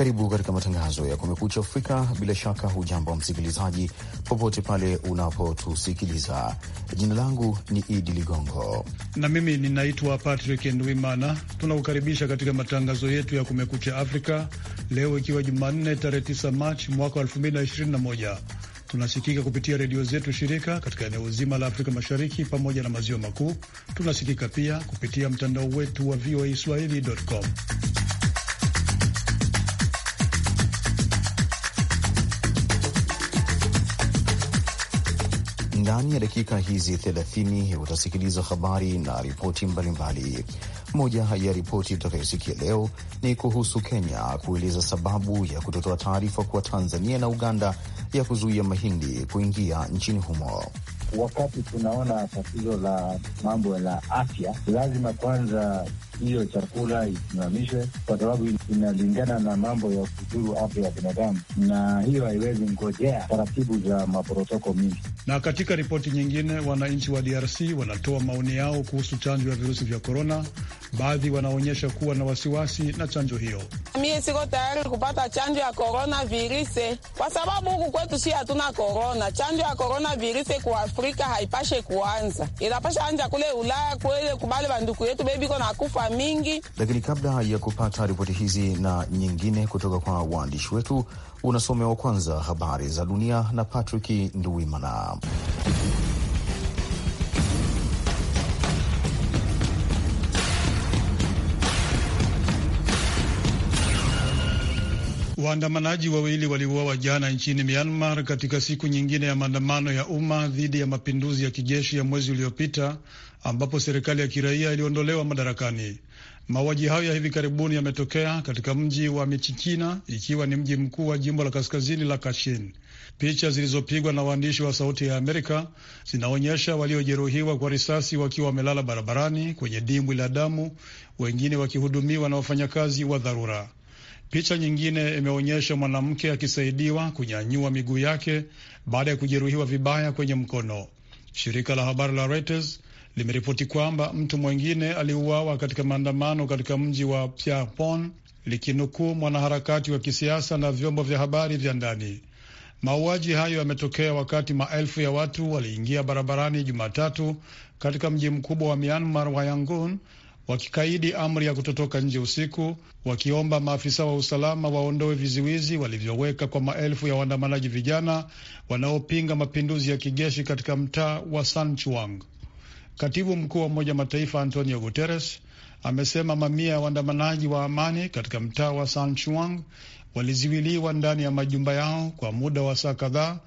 Karibu katika matangazo ya Kumekucha Afrika. Bila shaka hujambo msikilizaji, popote pale unapotusikiliza. Jina langu ni Idi Ligongo na mimi ninaitwa Patrick Ndwimana. Tunakukaribisha katika matangazo yetu ya Kumekucha Afrika leo ikiwa Jumanne tarehe 9 Machi mwaka 2021. Tunasikika kupitia redio zetu shirika katika eneo zima la Afrika Mashariki pamoja na maziwa makuu. Tunasikika pia kupitia mtandao wetu wa voa swahili.com. Ndani ya dakika hizi 30 utasikiliza habari na ripoti mbalimbali. Moja ya ripoti utakayosikia leo ni kuhusu Kenya kueleza sababu ya kutotoa taarifa kwa Tanzania na Uganda ya kuzuia mahindi kuingia nchini humo. Wakati tunaona tatizo la mambo la afya, lazima kwanza hiyo chakula isimamishwe, kwa sababu inalingana na mambo ya kudhuru afya ya binadamu, na hiyo haiwezi ngojea taratibu za maprotoko mingi. Na katika ripoti nyingine, wananchi wa DRC wanatoa maoni yao kuhusu chanjo ya virusi vya korona. Baadhi wanaonyesha kuwa na wasiwasi na chanjo hiyo. Mie siko tayari kupata chanjo ya korona virise kwa sababu huku kwetu si hatuna korona. Chanjo ya korona virise ku Afrika haipashe kuanza, inapasha anja kule Ulaya kwele kubale banduku yetu bebiko na kufa mingi. Lakini kabla ya kupata ripoti hizi na nyingine kutoka kwa waandishi wetu, unasomewa kwanza habari za dunia na Patrick Nduwimana. Waandamanaji wawili waliuawa jana nchini Myanmar katika siku nyingine ya maandamano ya umma dhidi ya mapinduzi ya kijeshi ya mwezi uliopita ambapo serikali ya kiraia iliondolewa madarakani. Mauaji hayo ya hivi karibuni yametokea katika mji wa Michichina, ikiwa ni mji mkuu wa jimbo la kaskazini la Kashin. Picha zilizopigwa na waandishi wa Sauti ya Amerika zinaonyesha waliojeruhiwa kwa risasi wakiwa wamelala barabarani kwenye dimbwi la damu, wengine wakihudumiwa na wafanyakazi wa dharura. Picha nyingine imeonyesha mwanamke akisaidiwa kunyanyua miguu yake baada ya kujeruhiwa vibaya kwenye mkono. Shirika la habari la Reuters limeripoti kwamba mtu mwingine aliuawa katika maandamano katika mji wa Pierrepont, likinukuu mwanaharakati wa kisiasa na vyombo vya habari vya ndani. Mauaji hayo yametokea wakati maelfu ya watu waliingia barabarani Jumatatu katika mji mkubwa wa Myanmar wa Yangon wakikaidi amri ya kutotoka nje usiku, wakiomba maafisa wa usalama waondoe viziwizi walivyoweka kwa maelfu ya waandamanaji vijana wanaopinga mapinduzi ya kijeshi katika mtaa wa Sanchuang. Katibu mkuu wa Umoja Mataifa Antonio Guterres amesema mamia ya waandamanaji wa amani katika mtaa wa Sanchuang waliziwiliwa ndani ya majumba yao kwa muda wa saa kadhaa,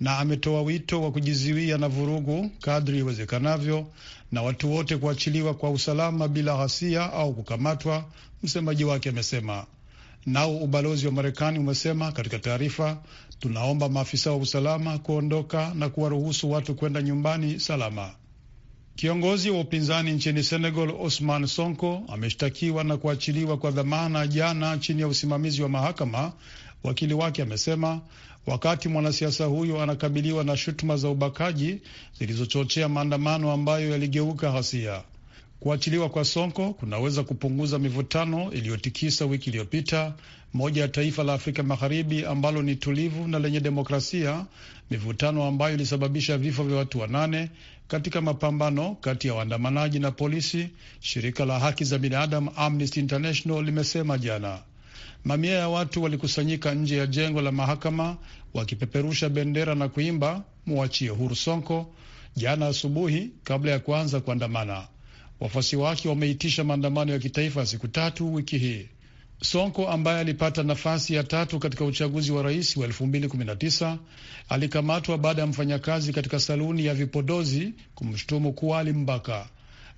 na ametoa wito wa kujiziwia na vurugu kadri iwezekanavyo na watu wote kuachiliwa kwa usalama bila ghasia au kukamatwa, msemaji wake amesema. Nao ubalozi wa Marekani umesema katika taarifa, tunaomba maafisa wa usalama kuondoka na kuwaruhusu watu kwenda nyumbani salama. Kiongozi wa upinzani nchini Senegal Osman Sonko ameshtakiwa na kuachiliwa kwa dhamana jana chini ya usimamizi wa mahakama, wakili wake amesema, wakati mwanasiasa huyo anakabiliwa na shutuma za ubakaji zilizochochea maandamano ambayo yaligeuka ghasia. Kuachiliwa kwa Sonko kunaweza kupunguza mivutano iliyotikisa wiki iliyopita moja ya taifa la Afrika Magharibi ambalo ni tulivu na lenye demokrasia, mivutano ambayo ilisababisha vifo vya watu wanane katika mapambano kati ya waandamanaji na polisi, shirika la haki za binadamu Amnesty International limesema jana. Mamia ya watu walikusanyika nje ya jengo la mahakama wakipeperusha bendera na kuimba muachie huru Sonko jana asubuhi kabla ya kuanza kuandamana. Wafuasi wake wameitisha maandamano ya kitaifa siku tatu wiki hii. Sonko ambaye alipata nafasi ya tatu katika uchaguzi wa rais wa 2019 alikamatwa baada ya mfanyakazi katika saluni ya vipodozi kumshutumu kuwa alimbaka.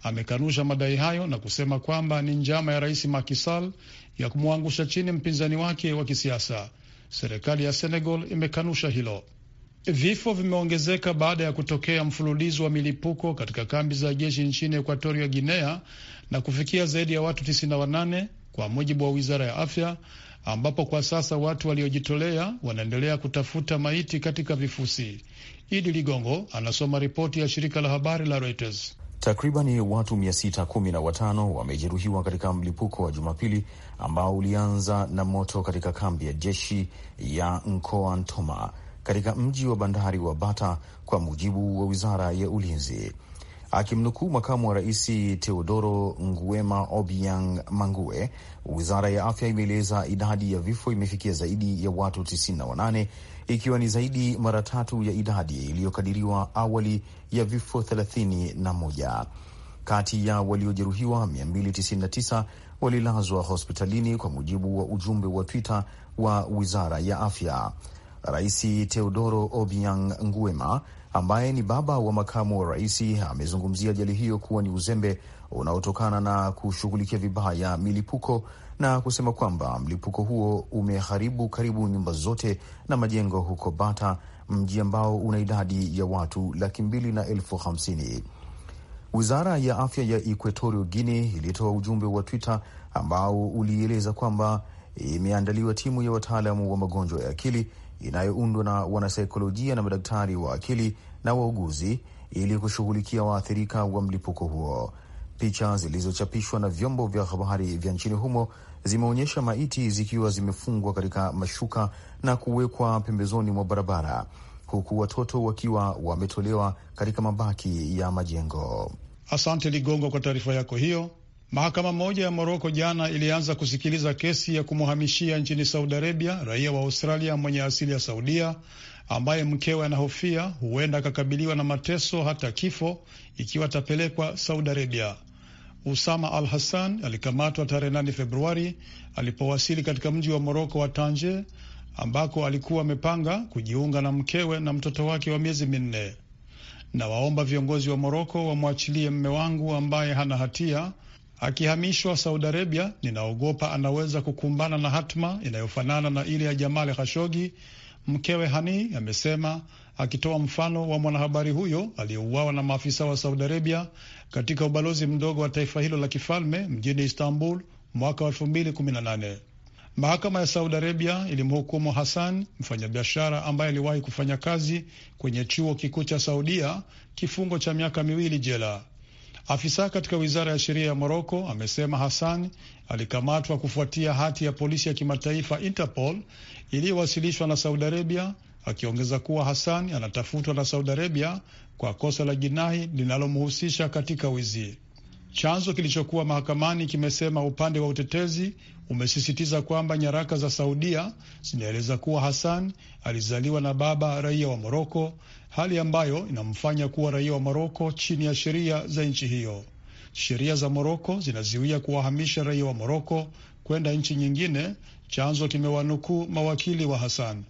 Amekanusha madai hayo na kusema kwamba ni njama ya rais makisal ya kumwangusha chini mpinzani wake wa kisiasa. Serikali ya Senegal imekanusha hilo. Vifo vimeongezeka baada ya kutokea mfululizo wa milipuko katika kambi za jeshi nchini Ekuatoria Guinea na kufikia zaidi ya watu 98 kwa mujibu wa wizara ya afya, ambapo kwa sasa watu waliojitolea wanaendelea kutafuta maiti katika vifusi. Idi Ligongo anasoma ripoti ya shirika la habari la Reuters. Takribani watu 615 wamejeruhiwa katika mlipuko wa Jumapili ambao ulianza na moto katika kambi ya jeshi ya Nkoa Ntoma katika mji wa bandari wa Bata, kwa mujibu wa wizara ya ulinzi. Akimnukuu makamu wa rais Teodoro Nguema Obiang Mangue, wizara ya afya imeeleza idadi ya vifo imefikia zaidi ya watu 98 ikiwa ni zaidi mara tatu ya idadi iliyokadiriwa awali ya vifo 31. Kati ya waliojeruhiwa 299 walilazwa hospitalini, kwa mujibu wa ujumbe wa Twitter wa wizara ya afya. Rais Teodoro Obiang Nguema ambaye ni baba wa makamu wa rais amezungumzia ajali hiyo kuwa ni uzembe unaotokana na kushughulikia vibaya milipuko na kusema kwamba mlipuko huo umeharibu karibu nyumba zote na majengo huko Bata, mji ambao una idadi ya watu laki mbili na elfu hamsini. Wizara ya afya ya Equatorio guine ilitoa ujumbe wa Twitter ambao ulieleza kwamba imeandaliwa timu ya wataalamu wa magonjwa ya akili inayoundwa na wanasaikolojia na madaktari wa akili na wauguzi ili kushughulikia waathirika wa mlipuko huo. Picha zilizochapishwa na vyombo vya habari vya nchini humo zimeonyesha maiti zikiwa zimefungwa katika mashuka na kuwekwa pembezoni mwa barabara huku watoto wakiwa wametolewa katika mabaki ya majengo. Asante Ligongo kwa taarifa yako hiyo. Mahakama moja ya Moroko jana ilianza kusikiliza kesi ya kumhamishia nchini Saudi Arabia raia wa Australia mwenye asili ya Saudia ambaye mkewe anahofia huenda akakabiliwa na mateso hata kifo ikiwa atapelekwa Saudi Arabia. Usama Al Hassan alikamatwa tarehe 8 Februari alipowasili katika mji wa Moroko wa Tanje ambako alikuwa amepanga kujiunga na mkewe na mtoto wake wa miezi minne. Nawaomba viongozi wa Moroko wamwachilie mme wangu ambaye hana hatia Akihamishwa Saudi Arabia, ninaogopa anaweza kukumbana na hatma inayofanana na ile ya Jamal Khashoggi, mkewe Hani amesema akitoa mfano wa mwanahabari huyo aliyeuawa na maafisa wa Saudi Arabia katika ubalozi mdogo wa taifa hilo la kifalme mjini Istanbul mwaka wa 2018. Mahakama ya Saudi Arabia ilimhukumu Hassan, mfanyabiashara ambaye aliwahi kufanya kazi kwenye chuo kikuu cha Saudia, kifungo cha miaka miwili jela. Afisa katika wizara ya sheria ya Moroko amesema Hassan alikamatwa kufuatia hati ya polisi ya kimataifa Interpol iliyowasilishwa na Saudi Arabia, akiongeza kuwa Hassan anatafutwa na Saudi Arabia kwa kosa la jinai linalomhusisha katika wizi. Chanzo kilichokuwa mahakamani kimesema upande wa utetezi umesisitiza kwamba nyaraka za Saudia zinaeleza kuwa Hassan alizaliwa na baba raia wa Moroko hali ambayo inamfanya kuwa raia wa Moroko chini ya sheria za nchi hiyo. Sheria za Moroko zinaziwia kuwahamisha raia wa Moroko kwenda nchi nyingine, chanzo kimewanukuu mawakili wa Hassan.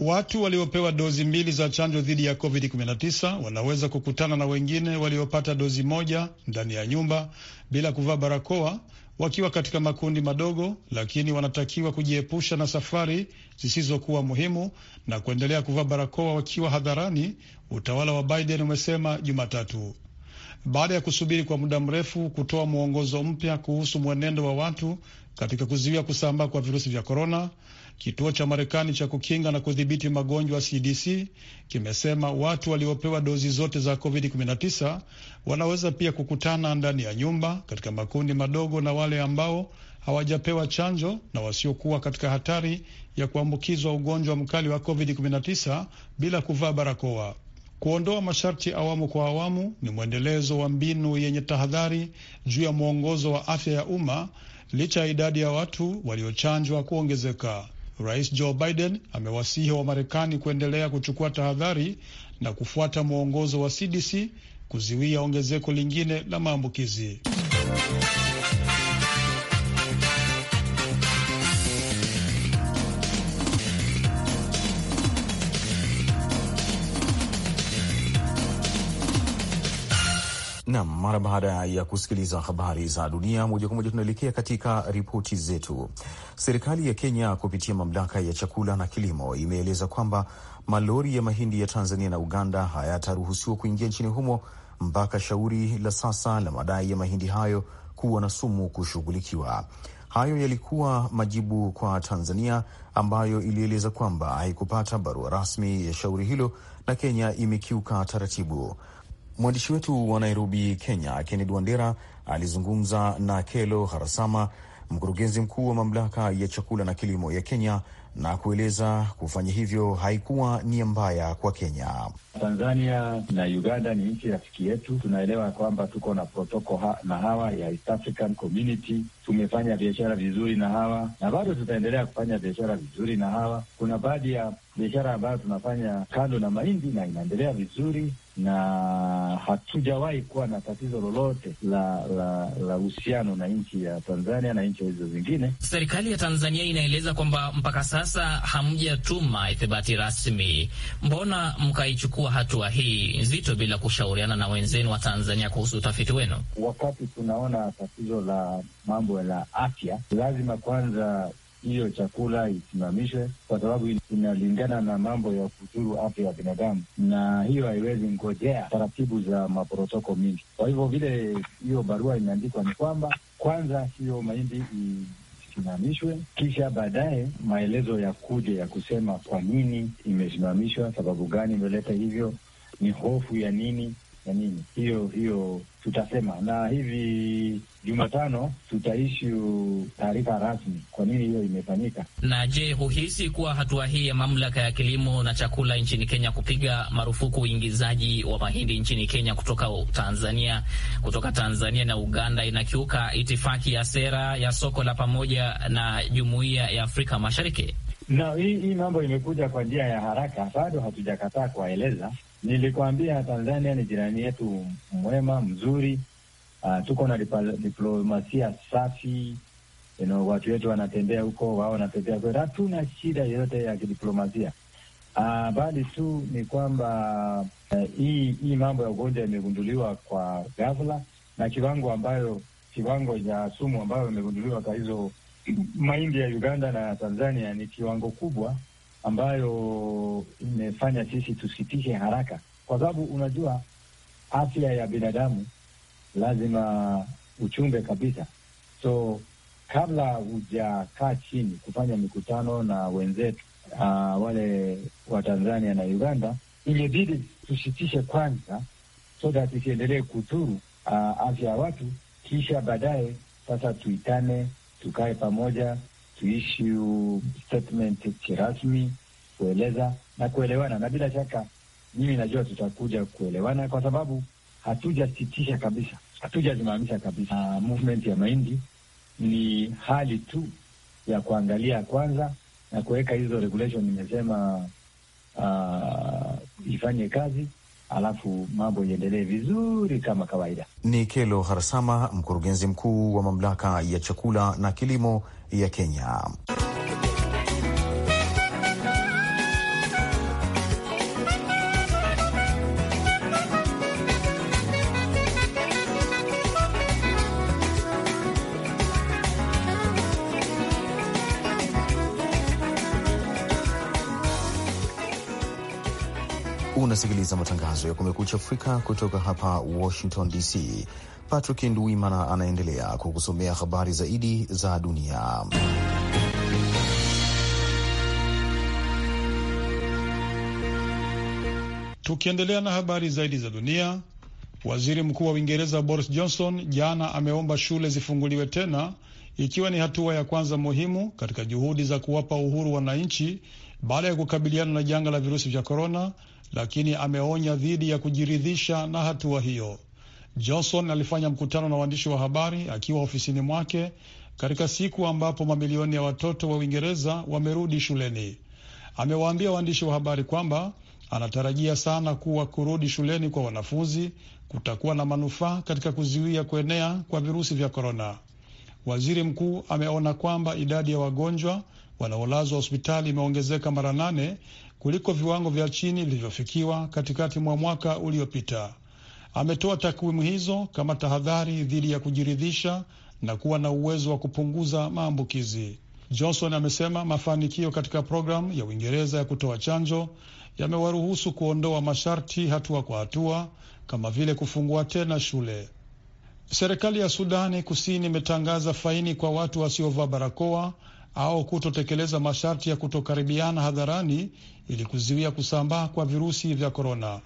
Watu waliopewa dozi mbili za chanjo dhidi ya COVID-19 wanaweza kukutana na wengine waliopata dozi moja ndani ya nyumba bila kuvaa barakoa wakiwa katika makundi madogo, lakini wanatakiwa kujiepusha na safari zisizokuwa muhimu na kuendelea kuvaa barakoa wakiwa hadharani, utawala wa Biden umesema Jumatatu, baada ya kusubiri kwa muda mrefu kutoa mwongozo mpya kuhusu mwenendo wa watu katika kuzuia kusambaa kwa virusi vya korona. Kituo cha Marekani cha kukinga na kudhibiti magonjwa CDC kimesema watu waliopewa dozi zote za COVID-19 wanaweza pia kukutana ndani ya nyumba katika makundi madogo na wale ambao hawajapewa chanjo na wasiokuwa katika hatari ya kuambukizwa ugonjwa mkali wa COVID-19 bila kuvaa barakoa. Kuondoa masharti awamu kwa awamu ni mwendelezo wa mbinu yenye tahadhari juu ya mwongozo wa afya ya umma licha ya idadi ya watu waliochanjwa kuongezeka. Rais Joe Biden amewasihi Wamarekani kuendelea kuchukua tahadhari na kufuata mwongozo wa CDC kuziwia ongezeko lingine la maambukizi. Nam, mara baada ya kusikiliza habari za dunia moja kwa moja, tunaelekea katika ripoti zetu. Serikali ya Kenya kupitia mamlaka ya chakula na kilimo imeeleza kwamba malori ya mahindi ya Tanzania na Uganda hayataruhusiwa kuingia nchini humo mpaka shauri la sasa la madai ya mahindi hayo kuwa na sumu kushughulikiwa. Hayo yalikuwa majibu kwa Tanzania ambayo ilieleza kwamba haikupata barua rasmi ya shauri hilo na Kenya imekiuka taratibu. Mwandishi wetu wa Nairobi, Kenya, Kennedy Wandera alizungumza na Kelo Harasama, mkurugenzi mkuu wa mamlaka ya chakula na kilimo ya Kenya, na kueleza kufanya hivyo haikuwa nia mbaya kwa Kenya. Tanzania na Uganda ni nchi rafiki yetu. Tunaelewa kwamba tuko na protoko ha na hawa ya East African Community. Tumefanya biashara vizuri na hawa na bado tutaendelea kufanya biashara vizuri na hawa. Kuna baadhi ya biashara ambayo tunafanya kando na mahindi na inaendelea vizuri na hatujawahi kuwa na tatizo lolote la la uhusiano na nchi ya Tanzania na nchi hizo zingine. Serikali ya Tanzania inaeleza kwamba mpaka sasa hamjatuma ithibati rasmi. Mbona mkaichukua hatua hii nzito bila kushauriana na wenzenu wa Tanzania kuhusu utafiti wenu? Wakati tunaona tatizo la mambo la afya, lazima kwanza hiyo chakula isimamishwe, kwa sababu inalingana na mambo ya kudhuru afya ya binadamu, na hiyo haiwezi ngojea taratibu za maprotoko mingi. Kwa hivyo vile hiyo barua imeandikwa ni kwamba kwanza hiyo mahindi i isimamishwe kisha baadaye maelezo ya kuja ya kusema kwa nini imesimamishwa, sababu gani imeleta hivyo, ni hofu ya nini ya nini hiyo hiyo, tutasema na hivi Jumatano tutaishu taarifa rasmi kwa nini hiyo imefanyika. Na je, huhisi kuwa hatua hii ya mamlaka ya kilimo na chakula nchini Kenya kupiga marufuku uingizaji wa mahindi nchini Kenya kutoka Tanzania, kutoka Tanzania na Uganda inakiuka itifaki ya sera ya soko la pamoja na jumuiya ya Afrika Mashariki? Na hii, hii mambo imekuja kwa njia ya haraka, bado hatujakataa kuwaeleza Nilikwambia Tanzania ni jirani yetu mwema mzuri. Uh, tuko na diplomasia safi you know, watu wetu wanatembea huko, wao wanatembea kwetu, hatuna shida yoyote ya kidiplomasia. Uh, bali tu ni kwamba uh, hii hii mambo ya ugonjwa imegunduliwa kwa ghafla na kiwango ambayo kiwango cha sumu ambayo imegunduliwa kwa hizo mahindi ya Uganda na Tanzania ni kiwango kubwa ambayo imefanya sisi tusitishe haraka, kwa sababu unajua afya ya binadamu lazima uchumbe kabisa. So kabla hujakaa chini kufanya mikutano na wenzetu uh, wale wa Tanzania na Uganda, ilibidi tusitishe kwanza, so that isiendelee kuturu uh, afya ya watu, kisha baadaye sasa tuitane, tukae pamoja kuissue statement kirasmi, kueleza na kuelewana, na bila shaka mimi najua tutakuja kuelewana kwa sababu hatujasitisha kabisa, hatujasimamisha kabisa. Uh, movement ya mahindi ni hali tu ya kuangalia kwanza na kuweka hizo regulation nimesema, uh, ifanye kazi alafu mambo iendelee vizuri kama kawaida. Ni Kelo Harasama, mkurugenzi mkuu wa mamlaka ya chakula na kilimo ya Kenya. unasikiliza matangazo ya Kumekucha Afrika kutoka hapa Washington DC. Patrick Nduimana anaendelea kukusomea habari zaidi za dunia. Tukiendelea na habari zaidi za dunia, waziri mkuu wa Uingereza Boris Johnson jana ameomba shule zifunguliwe tena, ikiwa ni hatua ya kwanza muhimu katika juhudi za kuwapa uhuru wananchi baada ya kukabiliana na janga la virusi vya korona lakini ameonya dhidi ya kujiridhisha na hatua hiyo. Johnson alifanya mkutano na waandishi wa habari akiwa ofisini mwake katika siku ambapo mamilioni ya watoto wa Uingereza wamerudi shuleni. Amewaambia waandishi wa habari kwamba anatarajia sana kuwa kurudi shuleni kwa wanafunzi kutakuwa na manufaa katika kuzuia kuenea kwa virusi vya korona. Waziri mkuu ameona kwamba idadi ya wagonjwa wanaolazwa hospitali imeongezeka mara nane kuliko viwango vya chini vilivyofikiwa katikati mwa mwaka uliopita. Ametoa takwimu hizo kama tahadhari dhidi ya kujiridhisha na kuwa na uwezo wa kupunguza maambukizi. Johnson amesema mafanikio katika programu ya Uingereza ya kutoa chanjo yamewaruhusu kuondoa masharti hatua kwa hatua kama vile kufungua tena shule. Serikali ya Sudani Kusini imetangaza faini kwa watu wasiovaa barakoa au kutotekeleza masharti ya kutokaribiana hadharani ili kuzuia kusambaa kwa virusi vya korona.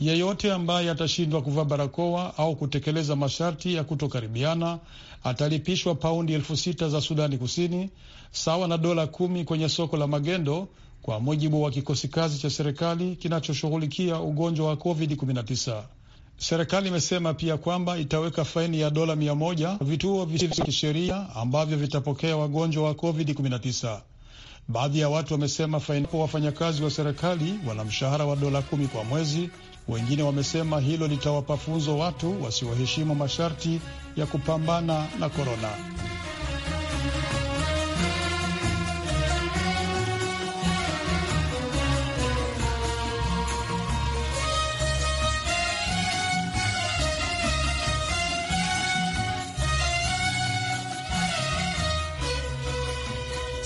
Yeyote ambaye atashindwa kuvaa barakoa au kutekeleza masharti ya kutokaribiana atalipishwa paundi elfu sita za Sudani Kusini, sawa na dola kumi kwenye soko la magendo, kwa mujibu wa kikosi kazi cha serikali kinachoshughulikia ugonjwa wa COVID-19. Serikali imesema pia kwamba itaweka faini ya dola mia moja vituo visivyo kisheria ambavyo vitapokea wagonjwa wa COVID-19. Baadhi ya watu wamesema faini wafanyakazi wa serikali wana mshahara wa dola kumi kwa mwezi. Wengine wamesema hilo litawapa funzo watu wasioheshimu masharti ya kupambana na korona.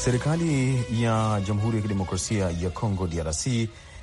Serikali ya Jamhuri ya Kidemokrasia ya Kongo DRC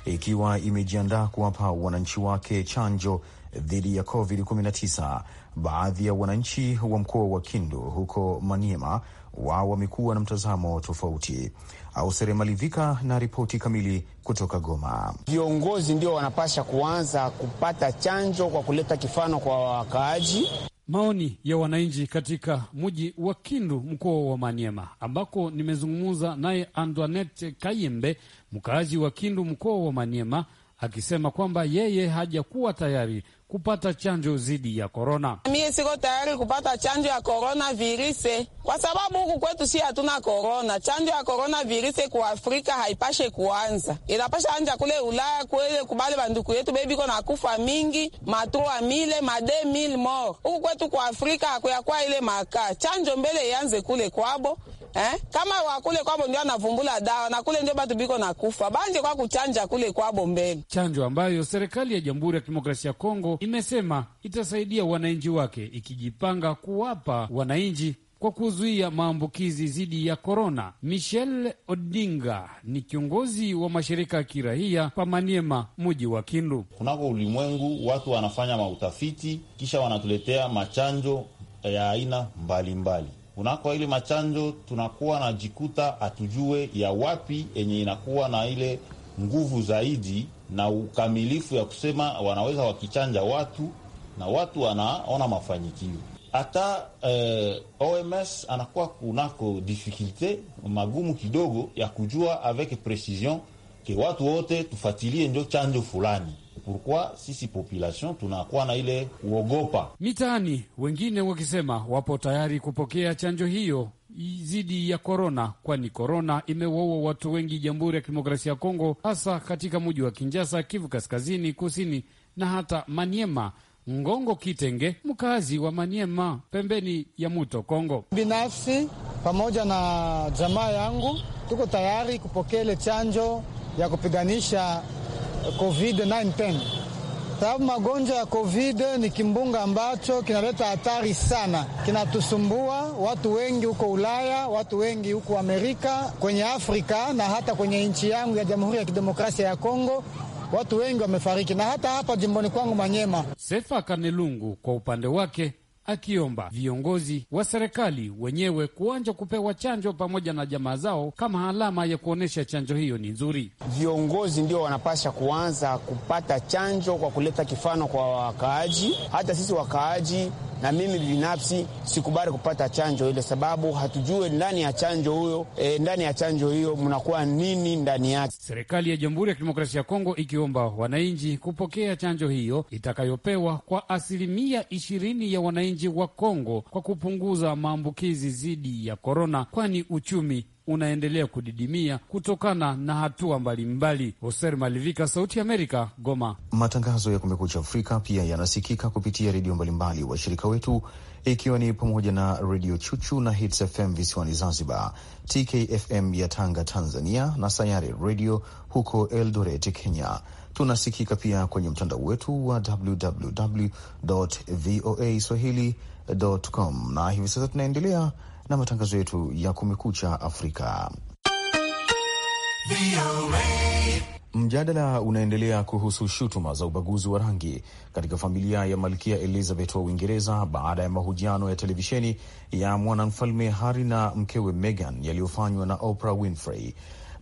ikiwa imejiandaa kuwapa wananchi wake chanjo dhidi ya COVID-19. Baadhi ya wananchi wa mkoa wa Kindu huko Maniema wao wamekuwa na mtazamo tofauti. Ausere Malivika na ripoti kamili kutoka Goma. Viongozi ndio wanapasha kuanza kupata chanjo kwa kuleta kifano kwa wakaaji maoni ya wananchi katika mji wa Kindu, mkoa wa Maniema, ambako nimezungumza naye Antoinette Kayembe, mkaaji wa Kindu, mkoa wa Maniema, akisema kwamba yeye hajakuwa tayari kupata chanjo dhidi ya korona. Mi siko tayari kupata chanjo ya korona virise kwa sababu huku kwetu si hatuna korona. Chanjo ya korona virise ku Afrika haipashe kuanza, inapasha anja kule Ulaya kwele kubale banduku yetu bebiko na kufa mingi matroa mile made mil mor. Huku kwetu ku Afrika akuyakwa ile makaa chanjo mbele ianze kule kwabo eh? kama wakule kwabo ndio anavumbula dawa na kule ndio batu biko na kufa banje kwa kuchanja kule kwabo mbele. Chanjo ambayo serikali ya Jamhuri ya Kidemokrasia ya Kongo imesema itasaidia wananchi wake ikijipanga kuwapa wananchi kwa kuzuia maambukizi dhidi ya korona. Michel Odinga ni kiongozi wa mashirika ya kiraia pa Maniema, muji wa Kindu. Kunako ulimwengu watu wanafanya mautafiti kisha wanatuletea machanjo ya aina mbalimbali kunako ile machanjo tunakuwa na jikuta atujue ya wapi yenye inakuwa na ile nguvu zaidi na ukamilifu ya kusema wanaweza wakichanja watu na watu wanaona mafanikio. Hata eh, OMS anakuwa kunako difikulte magumu kidogo ya kujua avec precision ke watu wote tufatilie njo chanjo fulani Pourquoi sisi population tunakuwa na ile kuogopa mitaani? Wengine wakisema wapo tayari kupokea chanjo hiyo dhidi ya korona, kwani korona imewaua watu wengi Jamhuri ya Kidemokrasia ya Kongo, hasa katika mji wa Kinjasa, Kivu Kaskazini, Kusini na hata Maniema. Ngongo Kitenge, mkazi wa Maniema pembeni ya muto Kongo, binafsi pamoja na jamaa yangu tuko tayari kupokea ile chanjo ya kupiganisha COVID-19 sababu magonjwa ya COVID ni kimbunga ambacho kinaleta hatari sana, kinatusumbua watu wengi huko Ulaya, watu wengi huko Amerika, kwenye Afrika na hata kwenye nchi yangu ya Jamhuri ya Kidemokrasia ya Kongo watu wengi wamefariki na hata hapa jimboni kwangu Manyema. Sefa Kanelungu kwa upande wake akiomba viongozi wa serikali wenyewe kuanja kupewa chanjo pamoja na jamaa zao kama alama ya kuonyesha chanjo hiyo ni nzuri. Viongozi ndio wanapasha kuanza kupata chanjo kwa kuleta kifano kwa wakaaji, hata sisi wakaaji na mimi binafsi sikubali kupata chanjo ile, sababu hatujue ndani ya chanjo huyo e, ndani ya chanjo hiyo mnakuwa nini ndani yake. Serikali ya Jamhuri ya Kidemokrasia ya Kongo ikiomba wananchi kupokea chanjo hiyo itakayopewa kwa asilimia ishirini ya wananchi wa Kongo kwa kupunguza maambukizi dhidi ya korona, kwani uchumi unaendelea kudidimia kutokana na hatua mbalimbali. Hoser Malivika, Sauti ya Amerika, Goma. Matangazo ya Kumekucha Afrika pia yanasikika kupitia redio mbalimbali washirika wetu, ikiwa ni pamoja na Redio Chuchu na Hits FM visiwani Zanzibar, TKFM ya Tanga, Tanzania, na sayare Redio huko Eldoret, Kenya. Tunasikika pia kwenye mtandao wetu wa www voa swahili com, na hivi sasa tunaendelea na matangazo yetu ya Kumekucha Afrika. Mjadala unaendelea kuhusu shutuma za ubaguzi wa rangi katika familia ya Malkia Elizabeth wa Uingereza baada ya mahojiano ya televisheni ya mwanamfalme Harry na mkewe Meghan yaliyofanywa na Oprah Winfrey.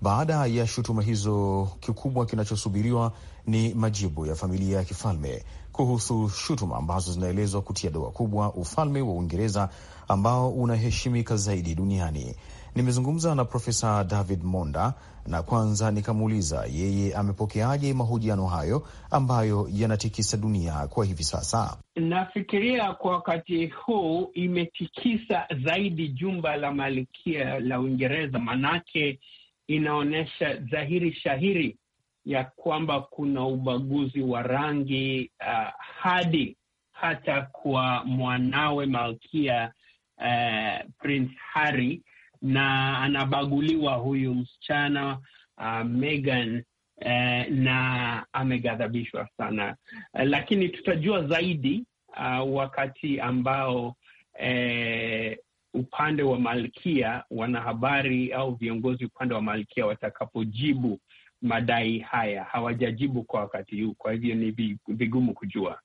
Baada ya shutuma hizo, kikubwa kinachosubiriwa ni majibu ya familia ya kifalme kuhusu shutuma ambazo zinaelezwa kutia doa kubwa ufalme wa Uingereza ambao unaheshimika zaidi duniani. Nimezungumza na Profesa David Monda na kwanza nikamuuliza yeye amepokeaje mahojiano hayo ambayo yanatikisa dunia kwa hivi sasa. Nafikiria kwa wakati huu imetikisa zaidi jumba la malikia la Uingereza, manake inaonyesha dhahiri shahiri ya kwamba kuna ubaguzi wa rangi uh, hadi hata kwa mwanawe malkia uh, Prince Harry na anabaguliwa huyu msichana uh, Meghan uh, na ameghadhabishwa sana uh, lakini tutajua zaidi uh, wakati ambao uh, upande wa malkia wanahabari au viongozi upande wa malkia watakapojibu madai haya, hawajajibu kwa wakati huu, kwa hivyo ni vigumu kujua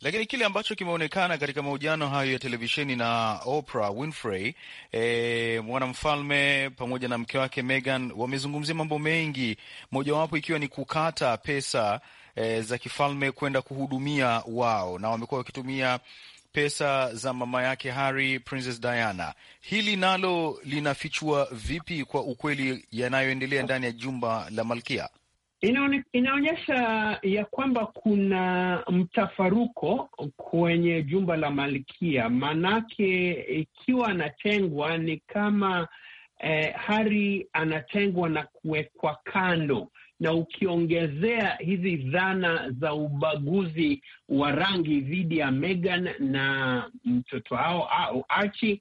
lakini kile ambacho kimeonekana katika mahojiano hayo ya televisheni na Oprah Winfrey, e, mwanamfalme pamoja na mke wake Meghan wamezungumzia mambo mengi, mojawapo ikiwa ni kukata pesa e, za kifalme kwenda kuhudumia wao, na wamekuwa wakitumia pesa za mama yake Harry, Princess Diana. Hili nalo linafichua vipi kwa ukweli yanayoendelea ndani ya jumba la malkia? Inaonyesha ya kwamba kuna mtafaruko kwenye jumba la malkia, manake ikiwa anatengwa ni kama eh, Harry anatengwa na kuwekwa kando na ukiongezea hizi dhana za ubaguzi wa rangi dhidi ya megan na mtoto wao au Archie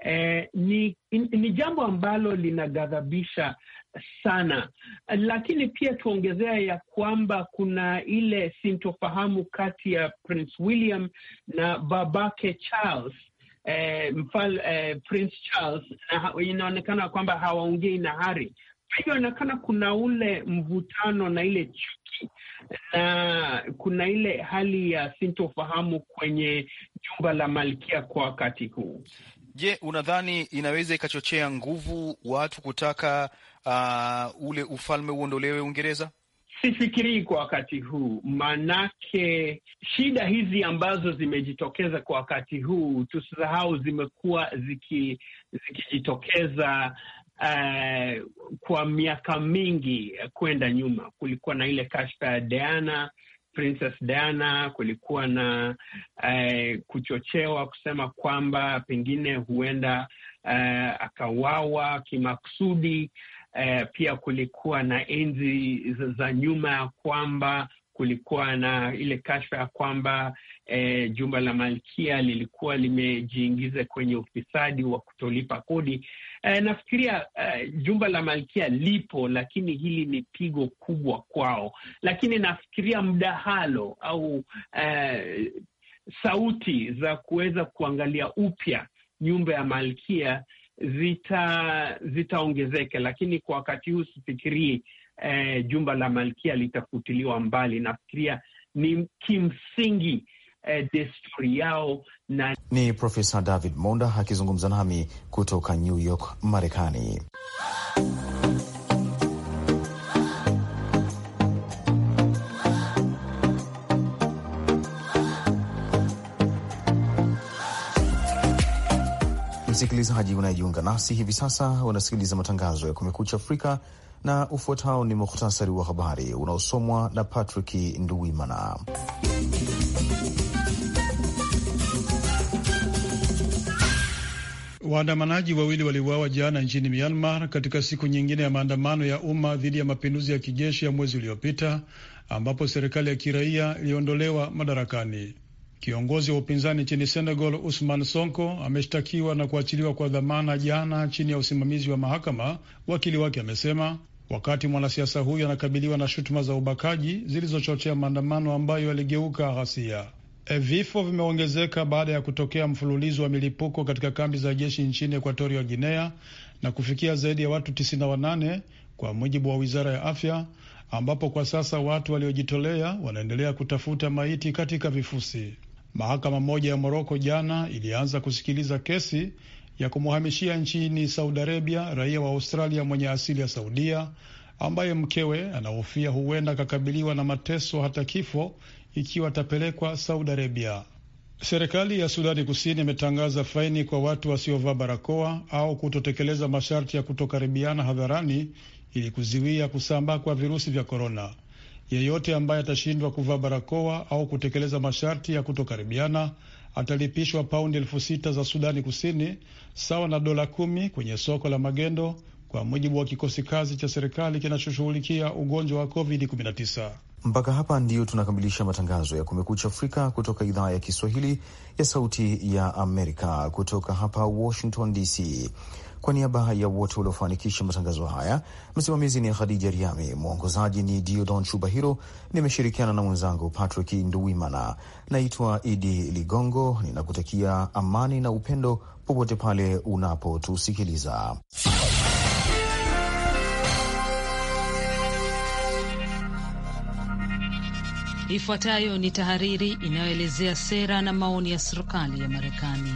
eh, ni, ni jambo ambalo linaghadhabisha sana, lakini pia tuongezea ya kwamba kuna ile sintofahamu kati ya Prince William na babake Charles. Eh, mfal, eh, Prince Charles na, inaonekana kwamba hawaongei na Harry hivyo inaonekana kuna ule mvutano na ile chuki na kuna ile hali ya sintofahamu kwenye jumba la malkia kwa wakati huu. Je, unadhani inaweza ikachochea nguvu watu kutaka uh, ule ufalme uondolewe Uingereza? Sifikirii kwa wakati huu, manake shida hizi ambazo zimejitokeza kwa wakati huu, tusisahau, zimekuwa zikijitokeza ziki uh, kwa miaka mingi kwenda nyuma kulikuwa na ile kashfa ya Diana, Princess Diana, kulikuwa na uh, kuchochewa kusema kwamba pengine huenda uh, akawawa kimakusudi. Uh, pia kulikuwa na enzi za nyuma ya kwamba kulikuwa na ile kashfa ya kwamba e, jumba la Malkia lilikuwa limejiingiza kwenye ufisadi wa kutolipa kodi. E, nafikiria e, jumba la Malkia lipo, lakini hili ni pigo kubwa kwao, lakini nafikiria mdahalo au e, sauti za kuweza kuangalia upya nyumba ya Malkia zitaongezeka, zita lakini kwa wakati huu sifikirii eh, jumba la malkia litafutiliwa mbali. Nafikiria ni kimsingi eh, desturi yao. Na ni Profesa David Monda akizungumza nami kutoka New York, Marekani. Msikilizaji unayejiunga nasi hivi sasa, unasikiliza matangazo ya Kumekucha Afrika na ufuatao ni muhtasari wa habari unaosomwa na Patrick Nduwimana. Waandamanaji wawili waliuawa jana nchini Myanmar katika siku nyingine ya maandamano ya umma dhidi ya mapinduzi ya kijeshi ya mwezi uliopita ambapo serikali ya kiraia iliondolewa madarakani. Kiongozi wa upinzani nchini Senegal Usman Sonko ameshtakiwa na kuachiliwa kwa dhamana jana chini ya usimamizi wa mahakama, wakili wake amesema, wakati mwanasiasa huyo anakabiliwa na shutuma za ubakaji zilizochochea maandamano ambayo yaligeuka ghasia. E, vifo vimeongezeka baada ya kutokea mfululizo wa milipuko katika kambi za jeshi nchini Ekuatoria Guinea na kufikia zaidi ya watu 98 kwa mujibu wa wizara ya afya, ambapo kwa sasa watu waliojitolea wanaendelea kutafuta maiti katika vifusi. Mahakama moja ya Moroko jana ilianza kusikiliza kesi ya kumhamishia nchini Saudi Arabia raia wa Australia mwenye asili ya Saudia ambaye mkewe anahofia huenda akakabiliwa na mateso hata kifo ikiwa atapelekwa Saudi Arabia. Serikali ya Sudani Kusini imetangaza faini kwa watu wasiovaa barakoa au kutotekeleza masharti ya kutokaribiana hadharani ili kuziwia kusambaa kwa virusi vya korona. Yeyote ambaye atashindwa kuvaa barakoa au kutekeleza masharti ya kutokaribiana atalipishwa paundi elfu sita za Sudani Kusini, sawa na dola kumi kwenye soko la magendo, kwa mujibu wa kikosi kazi cha serikali kinachoshughulikia ugonjwa wa COVID-19. Mpaka hapa ndiyo tunakamilisha matangazo ya Kumekucha Afrika kutoka idhaa ya Kiswahili ya Sauti ya Amerika, kutoka hapa Washington DC. Kwa niaba ya wote waliofanikisha matangazo haya, msimamizi ni Khadija Riami, mwongozaji ni Diodon Shubahiro, nimeshirikiana na mwenzangu Patrick Nduwimana. Naitwa Idi Ligongo, ninakutakia amani na upendo popote pale unapotusikiliza. Ifuatayo ni tahariri inayoelezea sera na maoni ya serikali ya Marekani.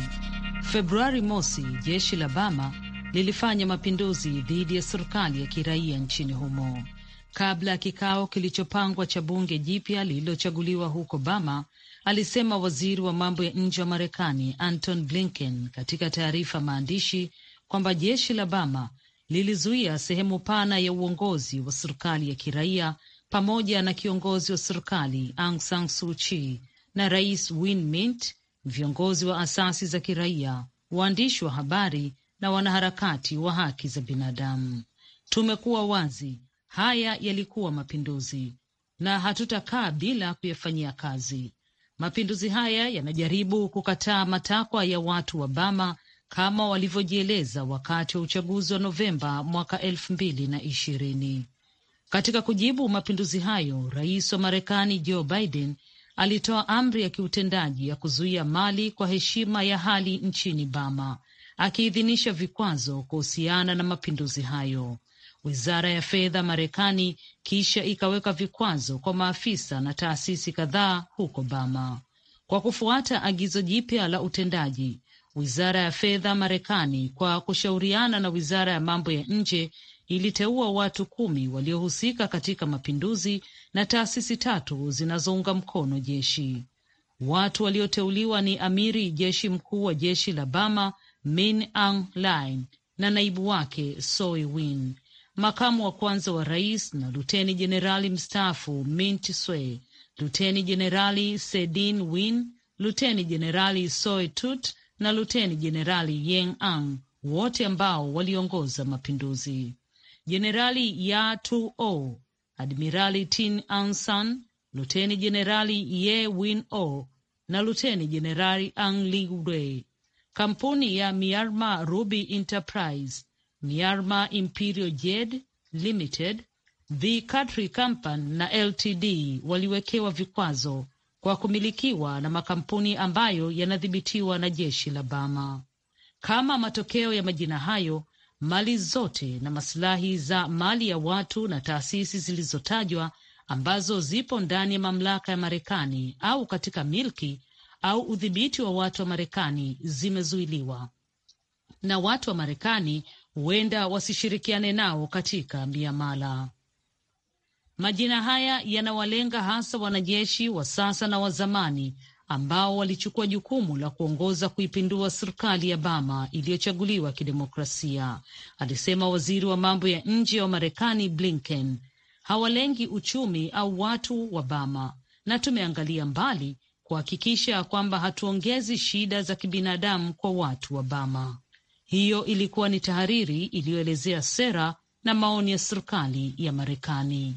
Februari mosi, jeshi la Bama lilifanya mapinduzi dhidi ya serikali ya kiraia nchini humo. Kabla ya kikao kilichopangwa cha bunge jipya lililochaguliwa huko Bama, alisema waziri wa mambo ya nje wa Marekani Anton Blinken katika taarifa maandishi kwamba jeshi la Bama lilizuia sehemu pana ya uongozi wa serikali ya kiraia pamoja na kiongozi wa serikali Aung San Suu Kyi na rais Win Myint, viongozi wa asasi za kiraia, waandishi wa habari na wanaharakati wa haki za binadamu. Tumekuwa wazi, haya yalikuwa mapinduzi na hatutakaa bila kuyafanyia kazi. Mapinduzi haya yanajaribu kukataa matakwa ya watu wa Bama kama walivyojieleza wakati wa uchaguzi wa Novemba mwaka elfu mbili na ishirini. Katika kujibu mapinduzi hayo, rais wa Marekani Joe Biden alitoa amri ya kiutendaji ya kuzuia mali kwa heshima ya hali nchini Bama akiidhinisha vikwazo kuhusiana na mapinduzi hayo. Wizara ya fedha Marekani kisha ikaweka vikwazo kwa maafisa na taasisi kadhaa huko Bama kwa kufuata agizo jipya la utendaji. Wizara ya fedha Marekani kwa kushauriana na wizara ya mambo ya nje iliteua watu kumi waliohusika katika mapinduzi na taasisi tatu zinazounga mkono jeshi. Watu walioteuliwa ni amiri jeshi mkuu wa jeshi la Bama Min Aung Hlaing na naibu wake Soi Win. Makamu wa kwanza wa rais na luteni jenerali mstaafu Mint Swe, luteni jenerali Sedin Win, luteni jenerali Soi Tut na luteni jenerali Yeng Ang, wote ambao waliongoza mapinduzi. Jenerali Yatu O, admirali Tin Ansan, San, luteni jenerali Ye Win O na luteni jenerali Ang Lee Wei Kampuni ya Myanmar Ruby Enterprise, Myanmar Imperial Jed Limited, The Country Company na Ltd waliwekewa vikwazo kwa kumilikiwa na makampuni ambayo yanadhibitiwa na jeshi la Bama. Kama matokeo ya majina hayo, mali zote na masilahi za mali ya watu na taasisi zilizotajwa ambazo zipo ndani ya mamlaka ya Marekani au katika milki au udhibiti wa watu wa Marekani zimezuiliwa na watu wa Marekani huenda wasishirikiane nao katika miamala. Majina haya yanawalenga hasa wanajeshi wa sasa na wa zamani ambao walichukua jukumu la kuongoza kuipindua serikali ya bama iliyochaguliwa kidemokrasia, alisema waziri wa mambo ya nje wa Marekani Blinken. Hawalengi uchumi au watu wa bama na tumeangalia mbali kuhakikisha kwamba hatuongezi shida za kibinadamu kwa watu wa Bama. Hiyo ilikuwa ni tahariri iliyoelezea sera na maoni ya serikali ya Marekani.